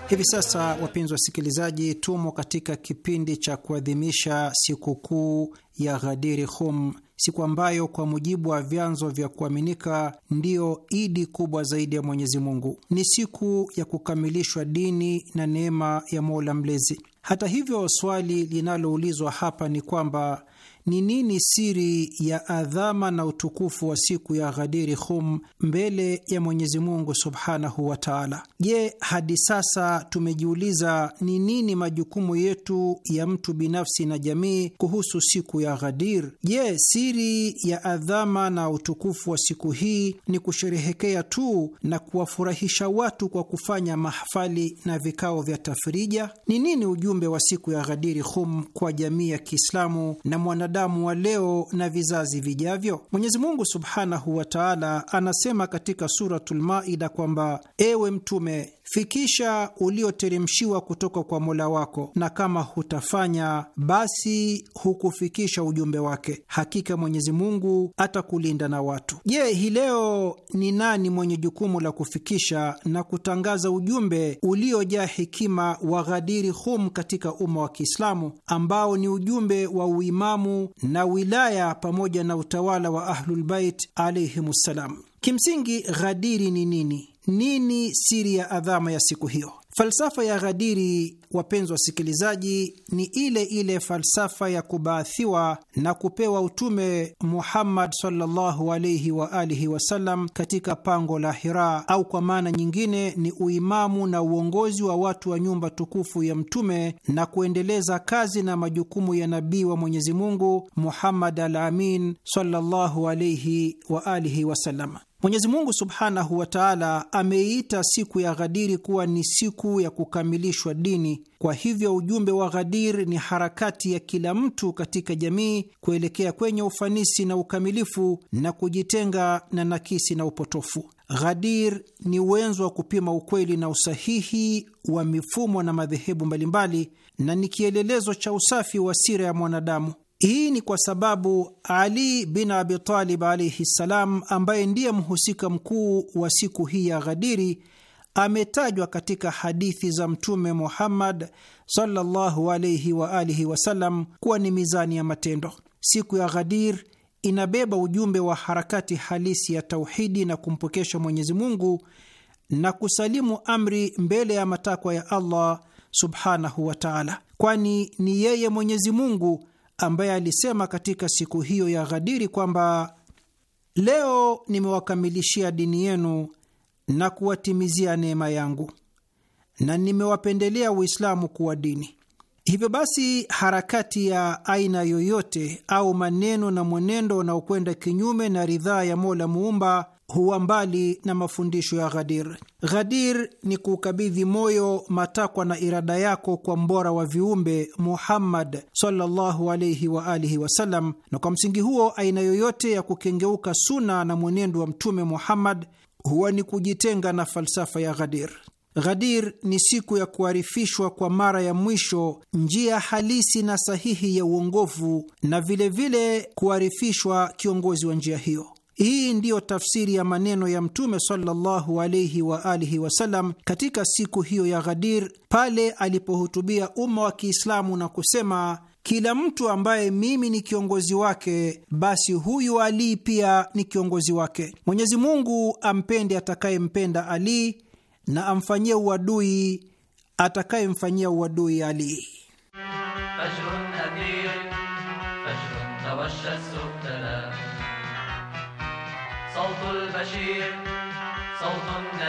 Hivi sasa wapenzi wasikilizaji, tumo katika kipindi cha kuadhimisha sikukuu ya Ghadiri Khum, siku ambayo kwa mujibu wa vyanzo vya kuaminika ndiyo idi kubwa zaidi ya Mwenyezi Mungu. Ni siku ya kukamilishwa dini na neema ya Mola Mlezi. Hata hivyo, swali linaloulizwa hapa ni kwamba ni nini siri ya adhama na utukufu wa siku ya Ghadiri Khum mbele ya Mwenyezi Mungu subhanahu wa taala? Je, hadi sasa tumejiuliza ni nini majukumu yetu ya mtu binafsi na jamii kuhusu siku ya Ghadir? Je, siri ya adhama na utukufu wa siku hii ni kusherehekea tu na kuwafurahisha watu kwa kufanya mahafali na vikao vya tafrija? Ni nini ujumbe wa siku ya Ghadiri Khum kwa jamii ya Kiislamu na mwana wanadamu wa leo na vizazi vijavyo? Mwenyezi Mungu subhanahu wa taala anasema katika Suratul Maida kwamba ewe Mtume, fikisha ulioteremshiwa kutoka kwa Mola wako, na kama hutafanya basi hukufikisha ujumbe wake. Hakika Mwenyezi Mungu atakulinda na watu. Je, hii leo ni nani mwenye jukumu la kufikisha na kutangaza ujumbe uliojaa hekima wa ghadiri Hum katika umma wa Kiislamu, ambao ni ujumbe wa uimamu na wilaya pamoja na utawala wa Ahlulbait alaihimussalam? Kimsingi, Ghadiri ni nini? Nini siri ya adhama ya siku hiyo? Falsafa ya Ghadiri, wapenzi wasikilizaji, ni ile ile falsafa ya kubaathiwa na kupewa utume Muhammad sallallahu alaihi wa alihi wasallam katika pango la Hira, au kwa maana nyingine ni uimamu na uongozi wa watu wa nyumba tukufu ya Mtume na kuendeleza kazi na majukumu ya nabii wa Mwenyezi Mungu Muhammad al Amin sallallahu alaihi wa alihi wasallam. Mwenyezi Mungu subhanahu wa taala ameiita siku ya Ghadiri kuwa ni siku ya kukamilishwa dini. Kwa hivyo, ujumbe wa Ghadir ni harakati ya kila mtu katika jamii kuelekea kwenye ufanisi na ukamilifu na kujitenga na nakisi na upotofu. Ghadir ni uwenzo wa kupima ukweli na usahihi wa mifumo na madhehebu mbalimbali na ni kielelezo cha usafi wa sira ya mwanadamu. Hii ni kwa sababu Ali bin Abi Talib alaihi ssalam, ambaye ndiye mhusika mkuu wa siku hii ya Ghadiri, ametajwa katika hadithi za Mtume Muhammad sallallahu alaihi wa alihi wasallam kuwa ni mizani ya matendo. Siku ya Ghadir inabeba ujumbe wa harakati halisi ya tauhidi na kumpokesha Mwenyezi Mungu na kusalimu amri mbele ya matakwa ya Allah subhanahu wa taala, kwani ni yeye Mwenyezi Mungu ambaye alisema katika siku hiyo ya Ghadiri kwamba leo nimewakamilishia dini yenu na kuwatimizia neema yangu na nimewapendelea Uislamu kuwa dini. Hivyo basi, harakati ya aina yoyote au maneno na mwenendo unaokwenda kinyume na ridhaa ya Mola Muumba huwa mbali na mafundisho ya Ghadir. Ghadir ni kuukabidhi moyo, matakwa na irada yako kwa mbora wa viumbe Muhammad sallallahu wa alihi wasallam, na kwa msingi huo aina yoyote ya kukengeuka suna na mwenendo wa Mtume Muhammad huwa ni kujitenga na falsafa ya Ghadir. Ghadir ni siku ya kuarifishwa kwa mara ya mwisho njia halisi na sahihi ya uongovu na vilevile kuarifishwa kiongozi wa njia hiyo. Hii ndiyo tafsiri ya maneno ya Mtume sallallahu alaihi wa alihi wasallam katika siku hiyo ya Ghadir, pale alipohutubia umma wa Kiislamu na kusema, kila mtu ambaye mimi ni kiongozi wake, basi huyu Ali pia ni kiongozi wake. Mwenyezi Mungu ampende atakayempenda Ali na amfanyie uadui atakayemfanyia uadui Ali.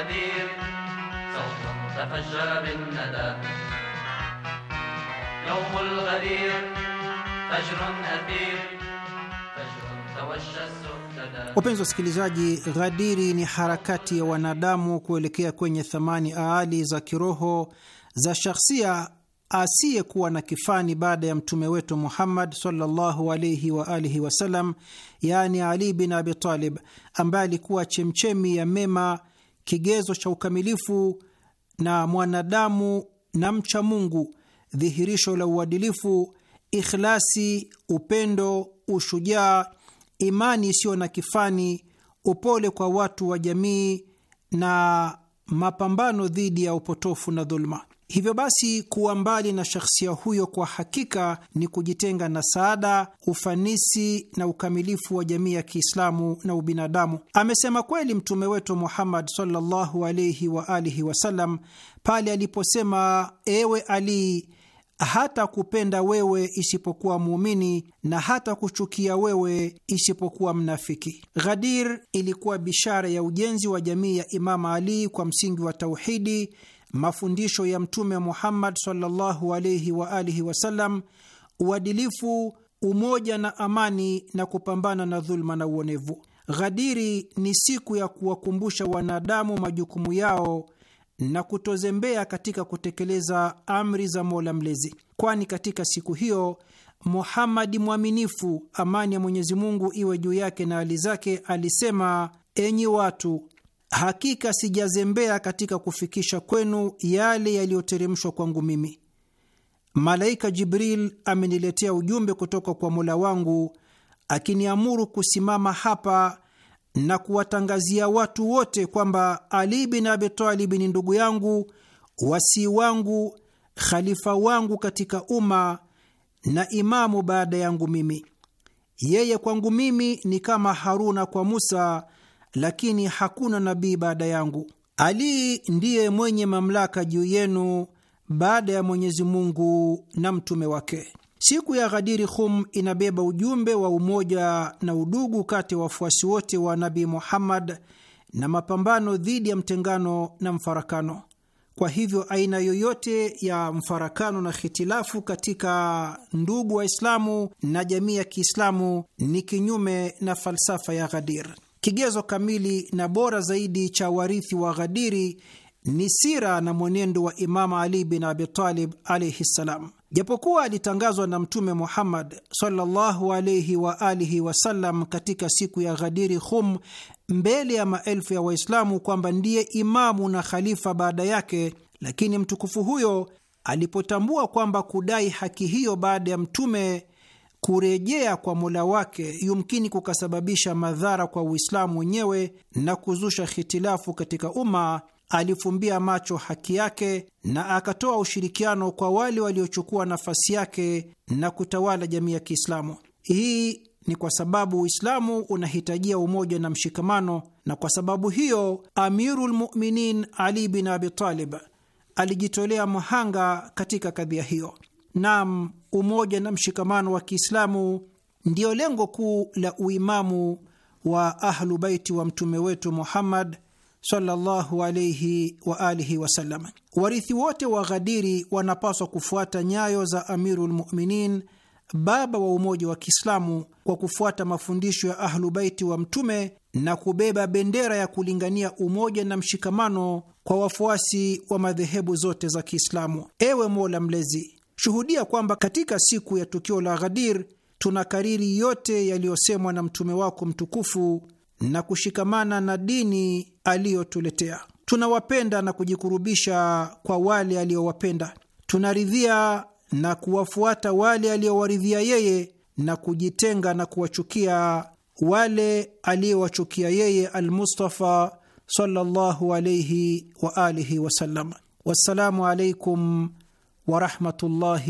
نذير صوت تفجر بالندى يوم الغدير فجر أثير فجر توشى Wapenzi wasikilizaji, ghadiri ni harakati ya wanadamu kuelekea kwenye thamani aali za kiroho za shakhsia asiyekuwa na kifani baada ya mtume wetu Muhammad sallallahu alaihi wa alihi wasallam, yaani Ali bin Abi Talib, ambaye alikuwa chemchemi ya mema kigezo cha ukamilifu na mwanadamu na mcha Mungu, dhihirisho la uadilifu, ikhlasi, upendo, ushujaa, imani isiyo na kifani, upole kwa watu wa jamii na mapambano dhidi ya upotofu na dhuluma. Hivyo basi kuwa mbali na shakhsia huyo kwa hakika ni kujitenga na saada, ufanisi na ukamilifu wa jamii ya Kiislamu na ubinadamu. Amesema kweli mtume wetu Muhammad sallallahu alaihi wa alihi wasallam pale aliposema: ewe Ali, hata kupenda wewe isipokuwa muumini na hata kuchukia wewe isipokuwa mnafiki. Ghadir ilikuwa bishara ya ujenzi wa jamii ya Imama Ali kwa msingi wa tauhidi mafundisho ya Mtume Muhammad sallallahu alaihi wa alihi wasallam, uadilifu, umoja na amani, na kupambana na dhuluma na uonevu. Ghadiri ni siku ya kuwakumbusha wanadamu majukumu yao na kutozembea katika kutekeleza amri za Mola Mlezi, kwani katika siku hiyo Muhammadi mwaminifu, amani ya Mwenyezi Mungu iwe juu yake na hali zake, alisema: enyi watu Hakika sijazembea katika kufikisha kwenu yale yaliyoteremshwa kwangu mimi. Malaika Jibril ameniletea ujumbe kutoka kwa Mola wangu akiniamuru kusimama hapa na kuwatangazia watu wote kwamba Ali bin Abi Talib ni ndugu yangu, wasii wangu, khalifa wangu katika umma na imamu baada yangu mimi. Yeye kwangu mimi ni kama Haruna kwa Musa lakini hakuna nabii baada yangu. Ali ndiye mwenye mamlaka juu yenu baada ya Mwenyezi Mungu na mtume wake. Siku ya Ghadiri Khum inabeba ujumbe wa umoja na udugu kati ya wafuasi wote wa Nabii Muhammad na mapambano dhidi ya mtengano na mfarakano. Kwa hivyo aina yoyote ya mfarakano na hitilafu katika ndugu Waislamu na jamii ya Kiislamu ni kinyume na falsafa ya Ghadir. Kigezo kamili na bora zaidi cha warithi wa Ghadiri ni sira na mwenendo wa Imamu Ali bin Abitalib alaihi ssalam. Japokuwa alitangazwa na Mtume Muhammad sallallahu alaihi wa alihi wasallam katika siku ya Ghadiri Khum mbele ya maelfu ya Waislamu kwamba ndiye imamu na khalifa baada yake, lakini mtukufu huyo alipotambua kwamba kudai haki hiyo baada ya Mtume kurejea kwa mola wake yumkini kukasababisha madhara kwa Uislamu wenyewe na kuzusha hitilafu katika umma, alifumbia macho haki yake na akatoa ushirikiano kwa wale waliochukua nafasi yake na kutawala jamii ya Kiislamu. Hii ni kwa sababu Uislamu unahitajia umoja na mshikamano, na kwa sababu hiyo Amirul Muminin Ali bin Abi Talib alijitolea mhanga katika kadhia hiyo. Naam, umoja na mshikamano wa Kiislamu ndiyo lengo kuu la uimamu wa Ahlu Baiti wa mtume wetu Muhammad sallallahu wa alihi wasallam. Warithi wote wa Ghadiri wanapaswa kufuata nyayo za Amiru lmuminin baba wa umoja wa Kiislamu, kwa kufuata mafundisho ya Ahlu Baiti wa mtume na kubeba bendera ya kulingania umoja na mshikamano kwa wafuasi wa madhehebu zote za Kiislamu. Ewe Mola Mlezi, Shuhudia kwamba katika siku ya tukio la Ghadir tuna kariri yote yaliyosemwa na mtume wako mtukufu na kushikamana na dini aliyotuletea. Tunawapenda na kujikurubisha kwa wale aliyowapenda, tunaridhia na kuwafuata wale aliyowaridhia yeye, na kujitenga na kuwachukia wale aliyowachukia yeye. Almustafa sallallahu alaihi wa alihi wasallam. Wassalamu alaikum ورحمة الله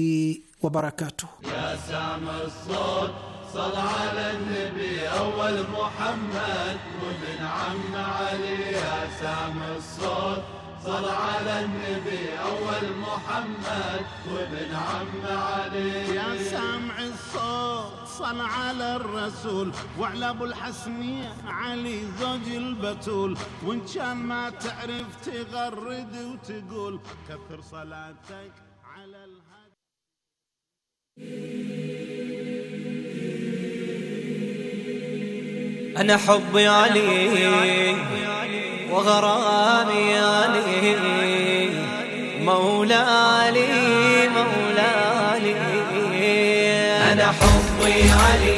وبركاته يا سامع الصوت صل على النبي أول محمد وابن عم علي يا سامع الصوت صل على النبي أول محمد وابن عم علي يا سامع الصوت صل على الرسول وعلى أبو الحسن علي زوج البتول وإن كان ما تعرف تغرد وتقول كثر صلاتك أنا حبي علي وغرامي علي مولى علي مولى علي أنا حبي علي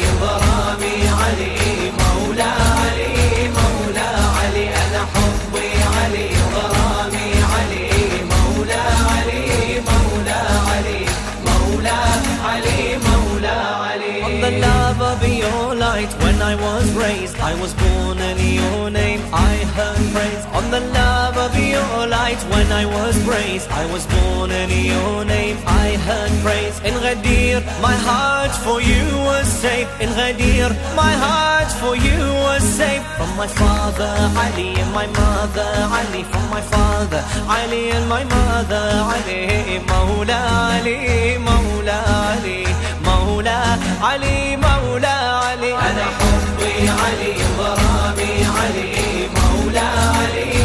was born in your name I heard praise on the love of your light when I was raised. I was born in your name I heard praise in Ghadir. My heart for you was safe in Ghadir. My heart for you was safe from my father Ali and my mother Ali from my father Ali and my mother Ali Mawla Ali Mawla Ali Mawla Ali Mawla Ali أنا حبي علي علي علي علي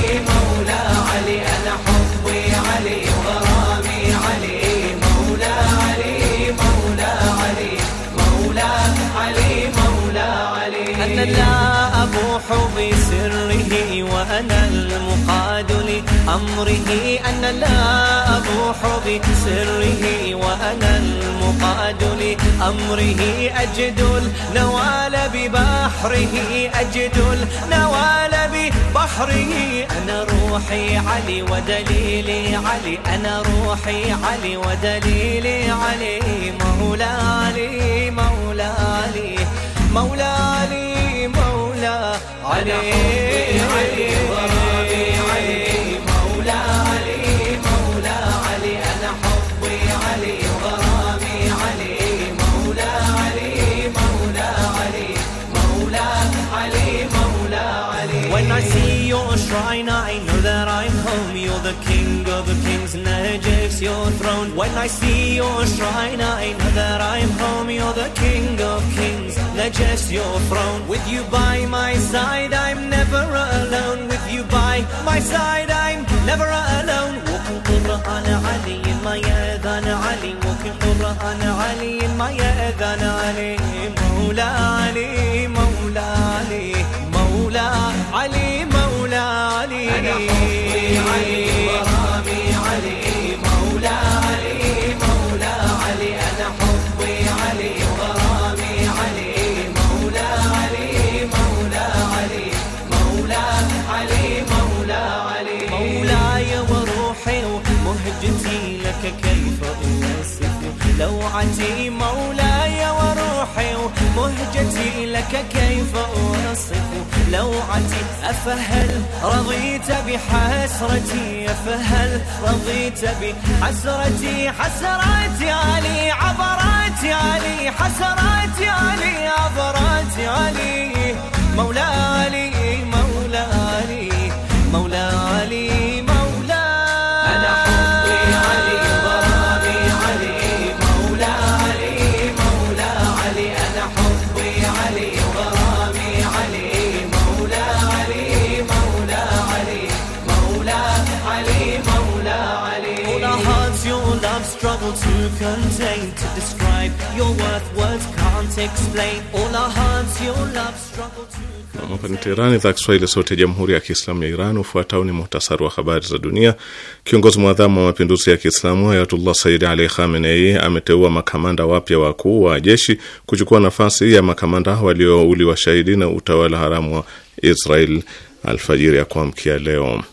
أمره أنا لا أبوح بسره وأنا المقاد لأمره أجد النوال ببحره أجد النوال ببحره أنا روحي علي ودليلي علي أنا روحي علي ودليلي علي مولا علي مولا علي مولا علي مولا علي, مولا علي is Najaf's your throne. When I see your shrine, I know that I'm home. You're the king of kings, Najaf's your throne. With you by my side, I'm never alone. With you by my side, I'm never alone. علي طلعتي مولاي وروحي ومهجتي لك كيف أوصف لوعتي أفهل رضيت بحسرتي أفهل رضيت بحسرتي حسرات يا لي عبرات يا علي حسرات يا لي عبرات يا علي مولاي to describe your worth, words can't explain all our hearts, your love struggle to. Hapa ni Teherani, idhaa Kiswahili, sauti ya jamhuri ya kiislamu ya Iran. Ufuatao ni muhtasari wa habari za dunia. Kiongozi mwadhamu wa mapinduzi ya Kiislamu Ayatullah Sayyid Ali Khamenei ameteua makamanda wapya wakuu wa jeshi kuchukua nafasi ya makamanda waliouliwa shahidi na utawala haramu wa Israel alfajiri ya kuamkia leo.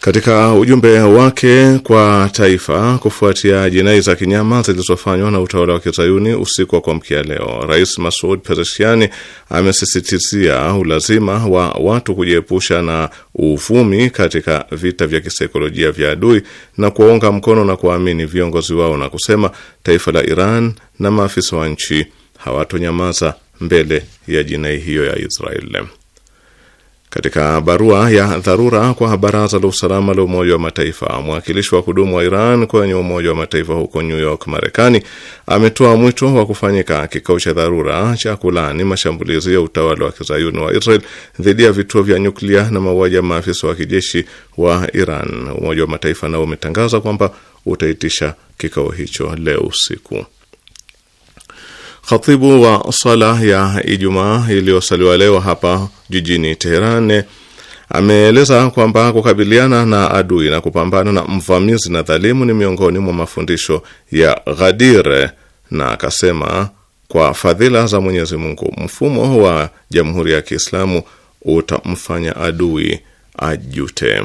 Katika ujumbe wake kwa taifa kufuatia jinai za kinyama zilizofanywa na utawala wa kizayuni usiku wa kuamkia leo, Rais Masud peresiani amesisitizia ulazima wa watu kujiepusha na uvumi katika vita vya kisaikolojia vya adui na kuwaunga mkono na kuwaamini viongozi wao na kusema taifa la Iran na maafisa wa nchi hawatonyamaza mbele ya jinai hiyo ya Israeli. Katika barua ya dharura kwa baraza la usalama la Umoja wa Mataifa, mwakilishi wa kudumu wa Iran kwenye Umoja wa Mataifa huko New York, Marekani, ametoa mwito wa kufanyika kikao cha dharura cha kulaani mashambulizi ya utawala wa kizayuni wa Israel dhidi ya vituo vya nyuklia na mauaji ya maafisa wa kijeshi wa Iran. Umoja wa Mataifa nao umetangaza kwamba utaitisha kikao hicho leo usiku. Khatibu wa sala ya Ijumaa iliyosaliwa leo hapa jijini Teheran ameeleza kwamba kukabiliana na adui na kupambana na mvamizi na dhalimu ni miongoni mwa mafundisho ya Ghadir, na akasema kwa fadhila za Mwenyezi Mungu mfumo wa Jamhuri ya Kiislamu utamfanya adui ajute.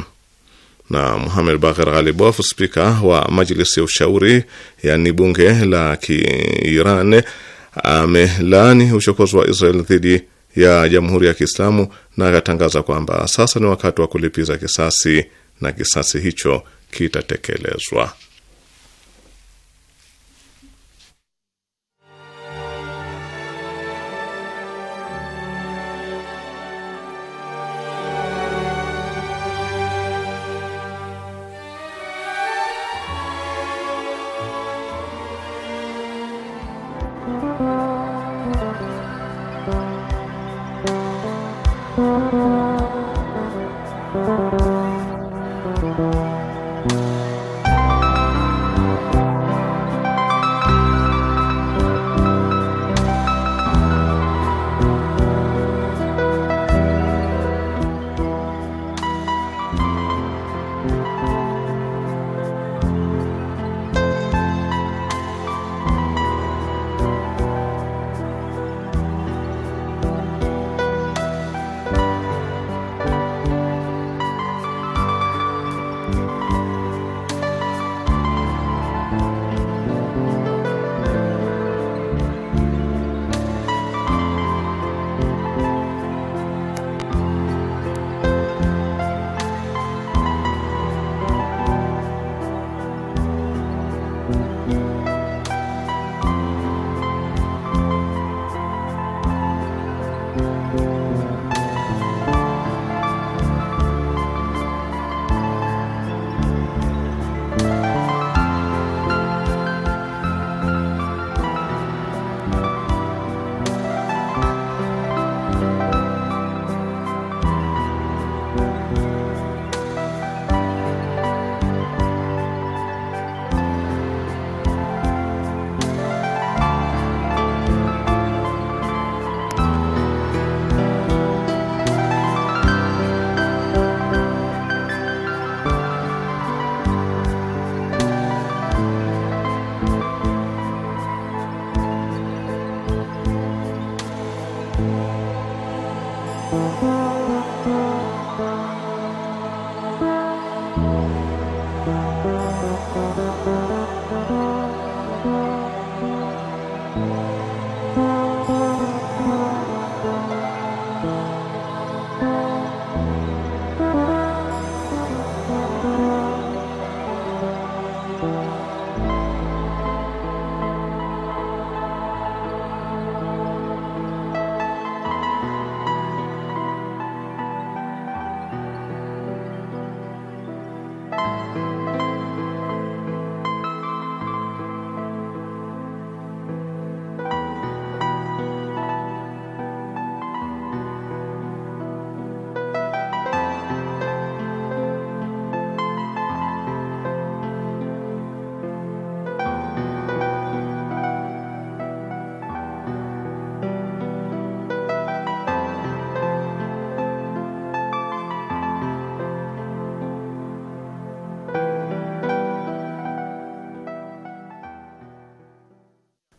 Na Muhamed Bakir Ghalibof, spika wa Majlisi ya Ushauri, yani bunge la Kiiran, amelaani uchokozi wa Israel dhidi ya Jamhuri ya Kiislamu na akatangaza kwamba sasa ni wakati wa kulipiza kisasi na kisasi hicho kitatekelezwa.